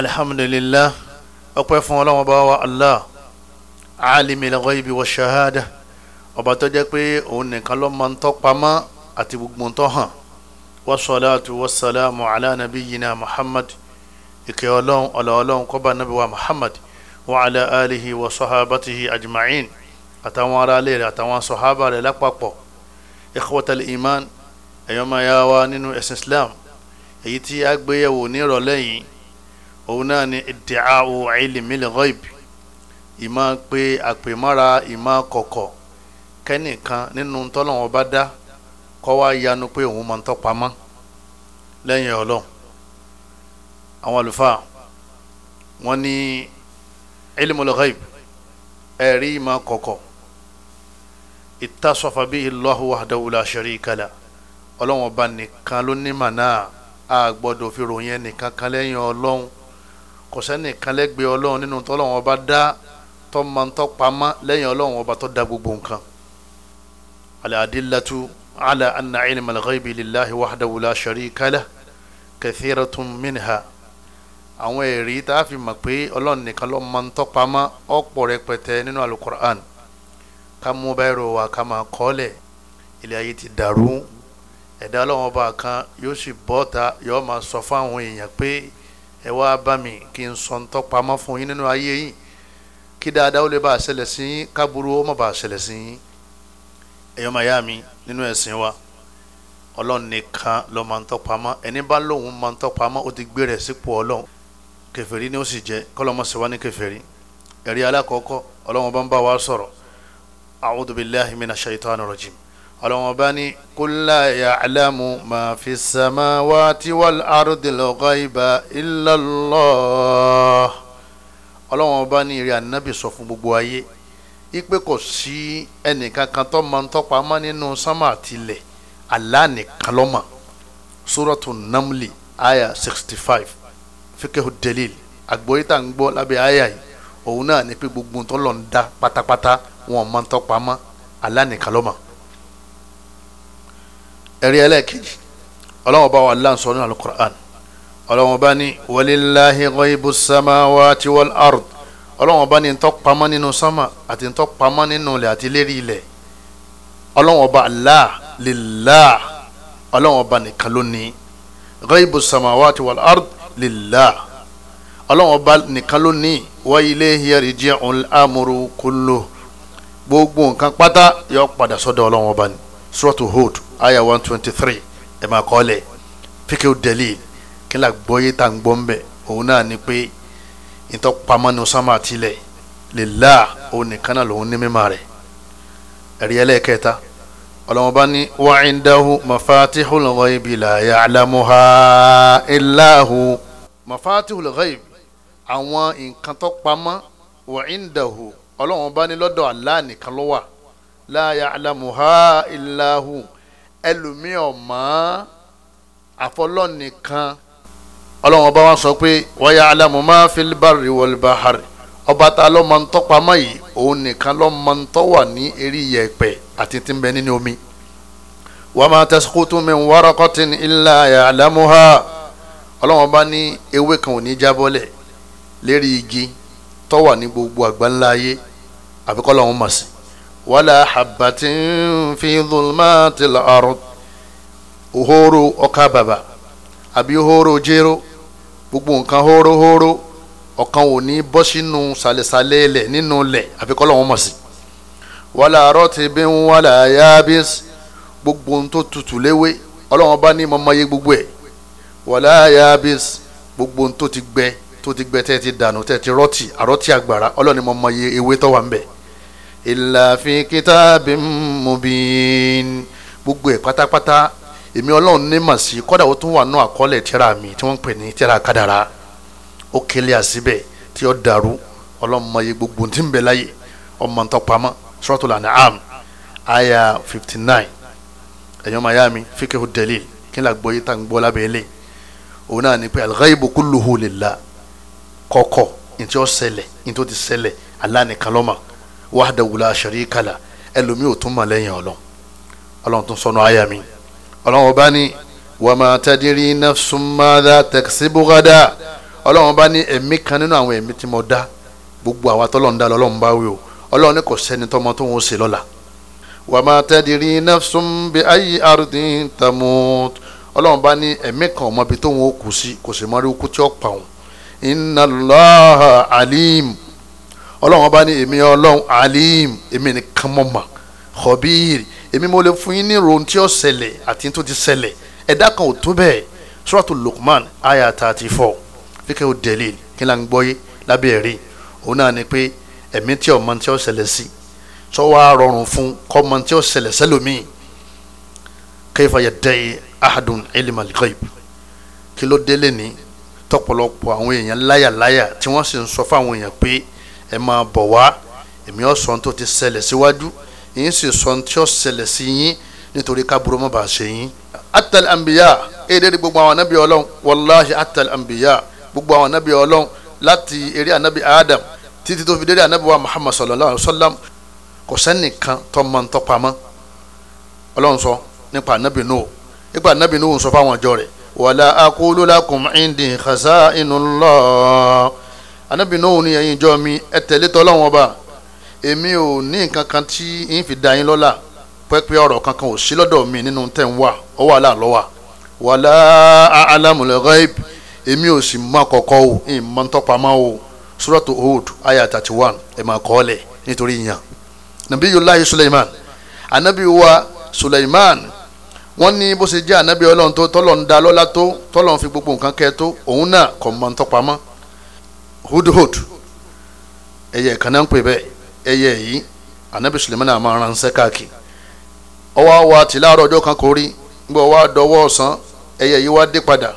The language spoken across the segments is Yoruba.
alhamdulillah ọpẹ́ fún Ọlọ́run bá wa allah alimil ghaibi wa shahada ọba tó jẹ́ pé òun nìkan ló máa ń tọ́ pamọ́ àti gbogbo tó hàn wasalaatu wasalaamu ala nabiyina muhammad ìkẹ́ Ọlọ́run ọlọ Ọlọ́run kọba nabi wa muhammad wa ala alihi wa sahabatihi ajma'in àtàwọn aráalé rẹ̀ àtàwọn sọhábà rẹ̀ lápapọ̀ ikhwatal iman ẹ̀yọ́mọ̀ yá nínú ẹ̀sìn islam èyí tí a gbéyẹ̀wò ní ìrọ̀lẹ́ yìí òun náà ni ìdíyàwó ilmil ghaib ìmọ̀ pé àpèmọ́ra ìmọ̀ kọ̀kọ̀ kẹ́nìkan nínú tọ́lọ́wọ́n bá dá kọ́ wá yanu pé òun máa ń tọ́pamọ́ lẹ́yìn ọlọ́run àwọn àlùfáà wọ́n ní ilmul ghaib ẹ̀rí ìmọ̀ kọ̀kọ̀ ìtàsọ̀fà bí Allahu wahdahu la sharika la ọlọ́wọ́n bá nìkan ló ní màná a fi ròyìn ẹnìkan kan lẹ́yìn ọlọ́run kò sẹ́nìkan lẹ́gbẹ̀ẹ́ ọlọ́run nínú tọ́lọ́run ọba dá tọ́mọ̀ntọ́ pamọ́ lẹ́yìn ọlọ́run ọba tó dá gbogbo nǹkan. al-adillatu ala anna ilma al-ghaybi lillahi wahdahu la sharika lahu kathiratun minha àwọn ẹ̀rí tá a fi mọ̀ pé ọlọ́run nìkan ló mọ̀ ń tọ́pamọ́ ọ̀pọ̀ rẹpẹtẹ nínú alukur'an ká mú báyìí wá ká máa kọ́lẹ̀ ilé ayé ti dàrú ẹ̀dá ọlọ́run ọba kan yóò sì bọ́ yóò máa sọ fáwọn èèyàn pé ẹ wá bá mi kí n sọ ntọ́ pamọ́ fún yín nínú ayé yín kí dáadáa ó lè bá a ṣẹlẹ̀ sí yín kábúrú ó má bá a ṣẹlẹ̀ sí yín ẹ̀yọ́ máa yá mi nínú ẹ̀sìn wa ọlọ́run nìkan ló máa ń tọ́ pamọ́ ẹni bá lóun máa ń pamọ́ ó ti gbé rẹ̀ sípò ọlọ́run kèfèrí ni ó sì jẹ́ kọ́lọ́mọ sì wá ní kèfèrí ẹ̀rí alákọ̀ọ́kọ́ ọlọ́run bá ń bá wa sọ̀rọ̀ a'udhu billahi minash shaitani rajim ọlọ́wọ́n bá ní kúlá ya'lamu ma fi samawati wal ardil ghaiba illa Allah ọlọ́wọ́n bá ní ìrìn ànábì sọ fún gbogbo ayé ipe kò sí ẹnìkankan tó máa ń tọ́pa mọ́ nínú sánmà tilẹ̀ Allah nìkan ló mọ̀ suratu namli aya sixty five fikehu delil àgbọ̀yé tá à gbọ́ lábẹ́ aya yìí òun náà ní pé gbogbo tó lọ́n da pátápátá wọn máa ń tọ́pa mọ́ Allah nìkan ẹ̀rí ẹlẹ́ẹ̀kejì ọlọ́wọ́n bá wà láǹsọ̀ nínú alukur'an ọlọ́wọ́n bá ní walillahi ghaibu samawati wal ard ọlọ́wọ́n bá ní ntọ́ pamọ́ nínú sánmà àti ntọ́ pamọ́ nínú ilẹ̀ àti lérí ilẹ̀ ọlọ́wọ́n bá Allah lillah ọlọ́wọ́n bá nìkan lónìí ghaibu samawati wal ard lillah ọlọ́wọ́n bá nìkan lónìí wa ilayhi yarji'ul amru kulluh gbogbo nǹkan pátá yọ padà sọ́dọ̀ ọlọ́wọ́n bá ní suratu Hud aya 123 twenty three ẹ máa kọ́ lẹ̀ fíkẹ́ dalil kí n la gbọ́ yé tá n gbọ́ mbẹ́ òun náà ni pé ìtọ́ pamọ́ ni sánmà tilẹ̀ lillah òun nìkan náà lòun ní mímọ́ rẹ̀ ẹ̀rí ẹlẹ́ẹ̀kẹta ọlọ́mọba ní wa indahu mafatihul ghaibi la ya'lamuha illa hu mafatihul ghaibi àwọn nǹkan tó pamọ́ wa indahu ọlọ́mọba ní lọ́dọ̀ Allah nìkan ló la ya'lamuha illa hu ẹlòmíì ọ̀mọ́ àfọlọ́nìkan ọlọ́run ọba wọn sọ pé wa ya'lamu ma fil barri wal bahari ọba ta ló máa ń tọ́pamọ́ yìí òun nìkan ló máa ń tọ́ wà ní eré yẹ̀pẹ̀ àti tí ń bẹ nínú omi. wa ma tasqutu min waraqatin illa ya'lamuha ọlọ́run ọba ní ewé kan ò ní jábọ́lẹ̀ lérí igi tó ní gbogbo àgbáńlá ayé àfikọ́ lọ́run mọ̀ sí wala habbatin fi dhulmatil ard hóró ọkà bàbà àbí hóró jéró gbogbo nǹkan hóró hóró ọ̀kan ò ní bọ́ sínú sàlẹ̀sàlẹ̀ ilẹ̀ nínú ilẹ̀ àfikọ́ lọ́wọ́ mọ̀ sí wala ratibin wala yabis gbogbo ohun tó tutù léwé ọlọ́wọ́n bá ní mọ́mọ́yé gbogbo ẹ̀ wala yabis gbogbo ohun tó ti gbẹ tó ti gbẹ tẹ́ ti dànù tẹ́ ti rọ́tì àrọ́tì àgbàrá ọlọ́ni mọ́mọ́yé ewé tó wà ń bẹ̀ illa fi kitabim mubin gbogbo ẹ̀ pátápátá èmi ọlọ́run ní mà sí kọ́dà ó tún wà nù àkọọ́lẹ̀ tíra mi tí wọ́n ń pè ní tíra kádàrá ó kélé àsíbẹ̀ tí ó dàrú ọlọ́run mọ iye gbogbo tí ń bẹ láyé ọmọ ń tọpamọ́ suratul an'am aya fifty nine ẹ̀yọ́ mayami fikihu delil kí n là gbọ́ yìí tá n gbọ́ lábẹ́ ilé òun náà ni pé al-ghaibu kulluhu lillah kọ̀kọ̀ ntí ó ṣẹlẹ̀ ntí ó ti ṣẹlẹ̀ Allah nìkan wahdahu la sharika la ẹlòmíì ò tún mọ̀ lẹ́yìn ọlọ́run ọlọ́run tún sọnù àyà mi ọlọ́run ọba ní wama tadiri nafsun madha taksibu gada ọlọ́run ọba ní ẹ̀mí kan nínú àwọn ẹ̀mí tí mo dá gbogbo àwa tọ́lọ́run dá lọ́lọ́run bá wí o ọlọ́run ní kò sẹ́ni tọ́mọ tó ń ṣe lọ́la wama tadiri nafsun bi ayi ardin tamut bá ní ẹ̀mí kan ọmọbi tó ń kù sí kò sì mọ inna Allaha alim ọlọ́run ọba ní èmi ọlọ́run alim èmi nìkan mọ̀ mà khabir èmi mo lè fún yín ní ìròyìn tí ó ṣẹlẹ̀ àti tó ti ṣẹlẹ̀ ẹ̀dá kan ò tó bẹ́ẹ̀ suratu Luqman aya thirty four fíkẹ́ ò dẹ̀lẹ̀ kí n là ń gbọ́ yé lábẹ́ ẹ̀rí òun náà ni pé ẹ̀mí tí ọmọ tí ó ṣẹlẹ̀ sí sọ wá rọrùn fún kọ́mọ tí ó ṣẹlẹ̀ sẹ́lòmíì kayfa yadda'i ahadun ilma al-ghaib kí ló délé ní tọ́pọ̀lọpọ̀ àwọn èèyàn láyàláyà tí wọ́n sì ń sọ fáwọn èèyàn pé ẹ máa bọ̀ wá èmi ọ̀sán tó ti ṣẹlẹ̀ síwájú yìí sì sọ́n tí ó ṣẹlẹ̀ sí yín nítorí kábúrò má bàa ṣe yín. atal anbiya èdè ni gbogbo àwọn anabi ọlọ́run wàláhi atal anbiya gbogbo àwọn anabi ọlọ́run láti eré anabi adam títí tó fi dé anabi wa muhammad sallallahu alayhi wa sallam kò sẹ́nìkan tó mọ̀ ń tọ́pamọ́ ọlọ́run sọ nípa anabi nù nípa anabi nù sọ fáwọn ọjọ́ rẹ̀ wàlá akólólá kùn indi khaza'inullah anabi Nuhu ni ẹ̀yin ìjọ mi ẹ tẹ̀lé tọ́ lọ́wọ́n ọba èmi ò ní nǹkan kan tí ń fi da yín lọ́lá pẹ́pẹ́ ọ̀rọ̀ kankan ò sí lọ́dọ̀ mi nínú tẹ̀ ń wà ọwọ́ àlà lọ́wà wàlá alamul èmi ò sì mọ kọ̀kọ́ o ìn mọ ntọ́pamọ́ o suratu Hud aya thirty one ẹ̀ máa kọ́ ọ́lẹ̀ nítorí ìyàn nabiyullahi Suleiman anabi wa Suleiman wọ́n ní bó ṣe jẹ́ anabi ọlọ́run tó tọ́lọ́ ń da lọ́lá tó tọ́lọ́ ń fi gbogbo nǹkan kẹ́ tó òun náà kò mọ ntọ́pamọ́ hudhud ẹyẹ kanáà ń pè bẹ́ẹ̀ ẹyẹ yìí anabi sulemani àmọ́ aránsẹ́ káàkiri ọwọ́ wa ti láàárọ̀ ọjọ́ kan kò rí gbọ́ wa dọwọ́ ọ̀sán ẹyẹ yìí wá dé padà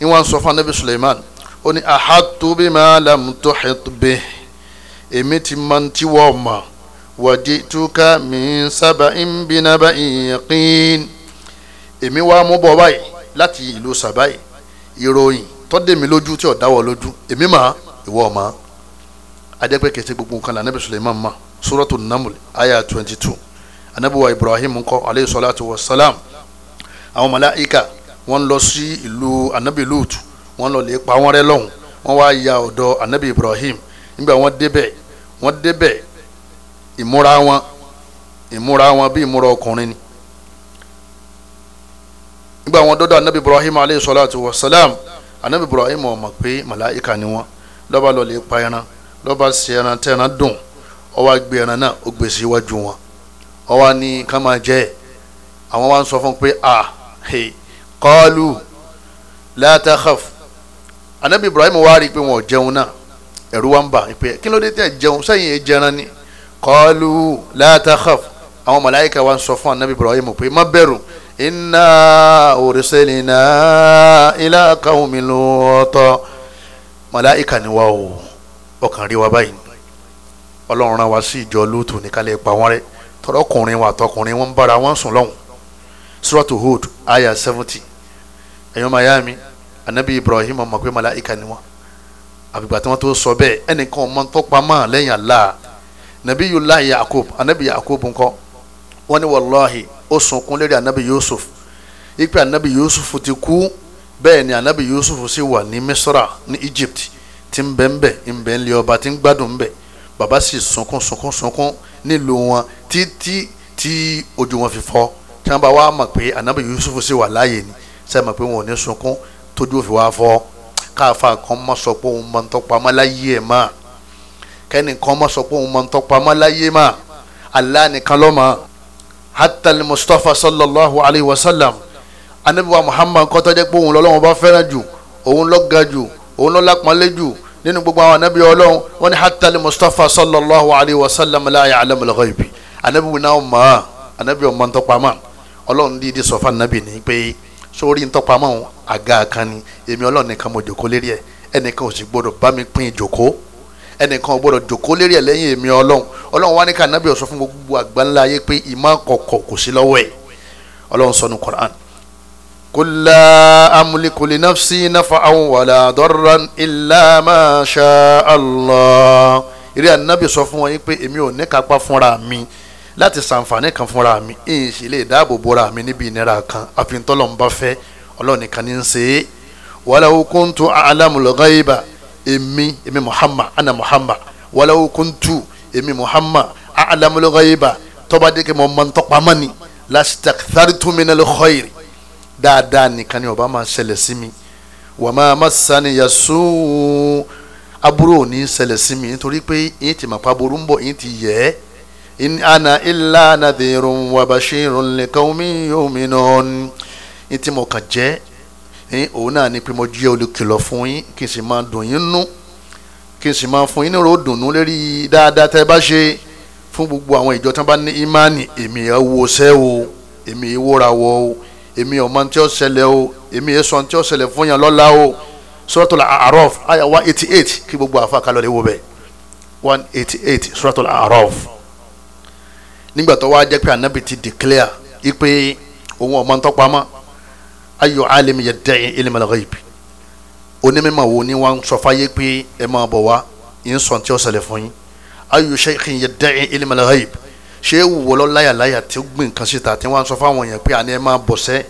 ni wọ́n sọ fún anabi sulemani ó ní ahatu bima lam tuhit bih èmi ti máa ń tiwọ́ ọ̀ma wàjituka min saba'in binaba'in yaqin èmi wá mú bọ̀ báyìí láti ìlú sàbáyìí ìròyìn tọ́dẹ̀mí lójú tí ò dáwọ́ lójú èmi máa ìwọ ọmọ adẹ́pẹ́ kẹsẹ́ gbogbo nǹkan la anabi suleiman ma suratu namul aya twenty two anabi wa ibrahim ńkọ́ aleyhi salatu wa salam àwọn màláíkà wọ́n lọ sí ìlú anabi lutu wọ́n lọ lè pa wọ́n rẹ́ lọ́hùn wọ́n wá ya ọ̀dọ̀ anabi ibrahim nígbà wọ́n débẹ̀ wọ́n débẹ̀ ìmúra wọn ìmúra wọn bí ìmúra ọkùnrin ni nígbà wọ́n dọ́dọ̀ anabi ibrahim aleyhi salatu wa salam anabi ibrahim ó mọ̀ pé màláíkà ni wọ́n lọ́ba lọ lè pa ẹran lọ́ba ṣe ẹran tẹ́ ẹran dùn ó wá gbé ẹran náà ó gbèsè iwájú wọn ó wá ní ká máa jẹ ẹ àwọn wá ń sọ fún pé a he qalu la takhaf anabi ibrahim wá rí i pé wọn ò jẹun náà ẹ̀rù wá ń bà pé kí ló dé tẹ̀ jẹun sẹ́yìn ẹ jẹran ni qalu la àwọn màláíkà wá ń sọ fún anabi ibrahim pé má bẹ̀rù inna ursilna ila qaumin luta màláìka ni wa o ọkàn rí wa báyìí ọlọ́run rán wa sí ìjọ lóòtù ní kálẹ̀ pa wọ́n rẹ́ tọrọkùnrin wa àtọkùnrin wọn ń bára wọn sùn lọ́hùn suratu Hud aya seventy ẹ̀yọ́ mayami anabi Ibrahim ọmọ pé màláìka ni wọn àbígbà tí wọ́n tó sọ bẹ́ẹ̀ ẹnìkan ọmọ tó pamọ́ lẹ́yìn Allah nabiyullah Yakub anabi Yakub ńkọ́ wọ́n ní wàlláhi ó sunkún lérí anabi Yusuf ipe anabi Yusuf ti kú bẹ́ẹ̀ anabi Yusuf sì wà ní Misra ní Egypt tí ń bẹ ń bẹ ń bẹ ń lé ọba tí ń gbádùn ń bẹ bàbá sì sunkún sunkún sunkún nílùú wọn títí tí ojú wọn fi fọ́ tí wọn bá wá mọ̀ pé anabi Yusuf sì wà láàyè ni sẹ mọ̀ pé wọn ò ní sunkún tójú òfin wá fọ́ káfa kan mọ sọ pé òun mọ ń tọpa ọmọ láyé ẹ mọ kẹ́ni kan mọ sọ pé òun mọ ń tọpa ọmọ láyé mọ Allah nìkan ló mọ̀ hatta sallallahu alayhi wa sallam anabi wa Muhammad kọ́tọ́jẹ́ pé òun lọ́lọ́wọ́n bá fẹ́ràn jù òun ló ga òun ló lápọ́nlé jù nínú gbogbo àwọn anabi ọlọ́run wọn ni hatal mustapha sallallahu alayhi wa sallam la ya'lamu al-ghaybi anabi wọn náà mọ̀ ọ́ anabi ọmọ ntọ́pamọ́ ọlọ́run dídí sọ fún anabi ni pé sórí ntọ́pamọ́ àga kan ni èmi ọlọ́run nìkan mo jòkó lérí ẹ̀ ẹnìkan ò sì gbọdọ̀ bá mi pín ìjòkó ẹnìkan ò gbọdọ̀ jòkó lérí ẹ̀ lẹ́yìn èmi ọlọ́run ọlọ́run wá ní ká anabi ó fún gbogbo àgbáńlá ayé pé ìmọ̀ kọ̀kọ̀ kò sí lọ́wọ́ ẹ̀ ọlọ́run sọ Qur'an قل لا أملك لنفسي نفعا ولا ضرا إلا ما شاء الله ìrẹ́ ànábì sọ fún wọn yín pé èmi ò ní kápá fúnra mi láti ṣàǹfààní kan fúnra mi èyí sì lè dáàbò bora mi níbi ìnira kan àfi tọ́lọ̀ ń bá fẹ́ ọlọ́run nìkan ní í ṣe é walaw kuntu a'lamul ghaiba èmi èmi Muhammad ana Muhammad walaw kuntu èmi Muhammad a'lamul ghaiba tọ́ba dẹ́kẹ́ mọ́ mọ́ ń tọ́pamọ́ ni lastakthartu minal khairi dáadáa nìkan ni ọba máa ṣẹlẹ̀ sí mi wà máa má sani yasu aburú ò ní ṣẹlẹ̀ sí mi nítorí pé èyí ti màpá burú ń bọ̀ èyí ti yẹ ẹ́ in ana illa nadhirun wa bashirun liqaumin yu'minun ní tí mo kàn jẹ́ òun náà ni pé mo jẹ́ olùkìlọ̀ fún yín kí n sì máa dùn yín nú kí n sì máa fún yín ní ròdùnú lérí dáadáa tẹ́ bá ṣe fún gbogbo àwọn ìjọ tán bá ní ìmánì èmi ìwòsẹ́ o èmi ìwòràwọ̀ o Emi ò mọ tí ó o emi yẹn sọ tí ó ṣẹlẹ̀ fún yàn lọ́la o suratul A'raf àyà one eighty eight kí gbogbo àfa kalọ̀ lè wo bẹ́ẹ̀ one eighty eight suratul A'raf nígbà wa wá jẹ́ pé anabi ti declare ipe òun ò mọ tó pamọ́ ayò alim yadda'i ilm al-ghaib onímọ̀ wo ni wọ́n sọ fáyé pé ẹ máa bọ̀ wá yín sọ tí ó ṣẹlẹ̀ fún yín ayò shaykhin yadda'i ilm al-ghaib ṣé wò lọ láyàláyà tí ó gbìn nǹkan síta tí wọ́n sọ fáwọn èèyàn pé àní ẹ máa bọ̀ sẹ́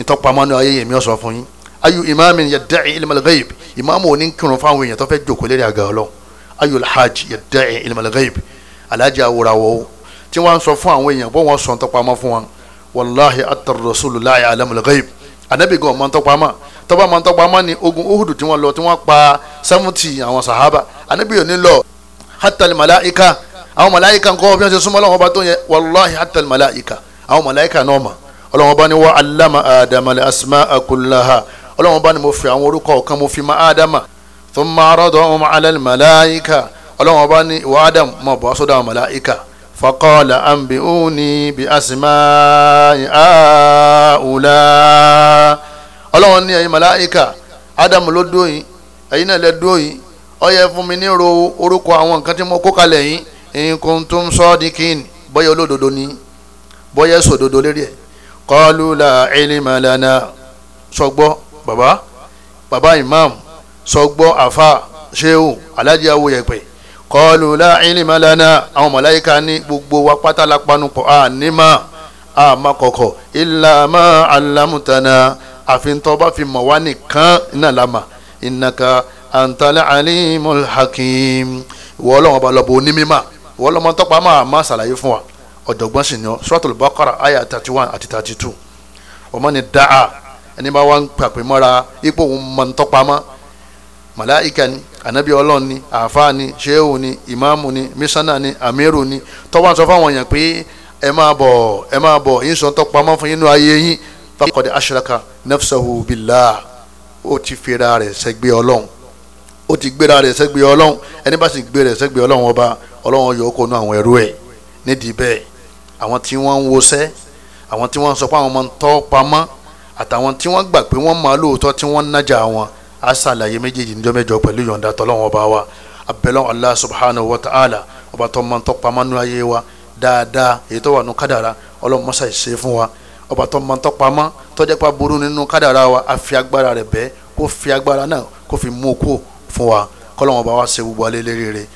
ìtọ́pamọ́nú ayé yèmí ọ̀sán fún yín ayu imaamin yadda'i ilma al-ghayb imaamu òní kírun fáwọn èèyàn tó fẹ́ jòkó lérí àga ọlọ́ ayu alhaj yadda'i ilma al-ghayb alhaji awòràwọ̀ tí wọ́n sọ fún àwọn èèyàn bó wọ́n sọ ìtọ́pamọ́ fún wọn wàláhi atar rasulu láyà alamul ghayb anabi gan ọmọ ntọ́pamọ́ tọ́ba ọmọ ntọ́pamọ́ ni ogun uhudu tí wọ́n lọ tí wọ́n pa seventy àwọn sahaba anabi yóò ní lọ hatal malaika àwọn màláyíkà ńkọ́ bí wọ́n ṣe súnmọ́ ọlọ́run ọba tó yẹ wàláhi hatal màláyíkà àwọn màláyíkà náà mà ọlọ́run ọba ni wà allama adama li asma'a kullaha ọlọ́run ọba ni mo fi àwọn orúkọ ọ̀kan mo fi ma adama thumma aradahum ala al màláyíkà ọlọ́run ọba ni wà adam mọ̀ bọ́ sọ́dọ̀ àwọn màláyíkà faqala anbi'uni bi asma'i àwùlá ọlọ́run ní ẹ̀yin màláyíkà adam ló dóyin ẹ̀yin náà lẹ dóyin ó yẹ fún mi ní orúkọ àwọn nǹkan tí mo kó kalẹ̀ yìí in kuntum sadiqin bọ́yá olódodo ni bọ́yá èso òdodo lérí ẹ̀ qalu la ilma lana sọgbọ́ baba baba imam sọgbọ́ afa sheu alhaji awo yẹpẹ qalu la ilma lana àwọn màláyíká ní gbogbo wa pátá la panupọ̀ a ní ma a ma kọ̀kọ̀ illa ma allamtana àfi tó bá fi mọ̀ wá nìkan iná la ma innaka alimul hakim ìwọ ọlọ́run onímọ̀ wọ́n lọ́mọ tọ́pọ̀ àmọ́ àmọ́ àṣàlàyé fún wa ọ̀jọ̀gbọ́n sì ni ọ́ suratul Baqara àyà thirty one àti thirty two ọmọ ni dáa ẹni bá wà ń pàpè mọ́ra ipò òun mọ̀ ń tọ́pọ̀ àmọ́ màláìka ni anabi ọlọ́run ni àáfàá ni ṣéhù ni ìmáàmù ni mísánà ni àmírù ni tọ́wọ́n sọ fáwọn èèyàn pé ẹ máa bọ̀ ẹ máa bọ̀ yín sọ tọ́pamọ́ fún inú ayé yín faqad ashraka nafsahu billah ó ti fira rẹ̀ sẹ́gbẹ́ ọlọ́run ó ti gbéra rẹ̀ sẹ́gbẹ́ ọlọ́run ẹni bá sì gbé rẹ̀ sẹ́gbẹ́ ọlọ́run ọba ọlọ́run yóò kó nu àwọn ẹrú ẹ̀ nídìí bẹ́ẹ̀ àwọn tí wọ́n ń wọṣẹ́ àwọn tí wọ́n ń sọ pé àwọn ọmọ ń tọ́ pamọ́ àtàwọn tí wọ́n gbà pé wọ́n máa lóòótọ́ tí wọ́n ń nájà wọn á ṣàlàyé méjèèjì níjọ́ mẹ́jọ pẹ̀lú yọ̀ǹda tọ́lọ́wọ́n ọba wa abẹ́lẹ́ Allah subhanahu wa ta'ala ọba tó máa ń tọ́ pamọ́ nú ayé wa dáadáa èyí tó wà nú kádàrá ọlọ́run ìṣe fún wa ọba tó máa ń tọ́ pamọ́ tọ́jẹ́ pa burú nínú kádàrá wa á fi agbára rẹ̀ bẹ́ẹ̀ kó fi agbára náà kó fi mú kú fún wa kọ́lọ́wọ́n ọba wa ṣe gbogbo alẹ́ lérí rẹ̀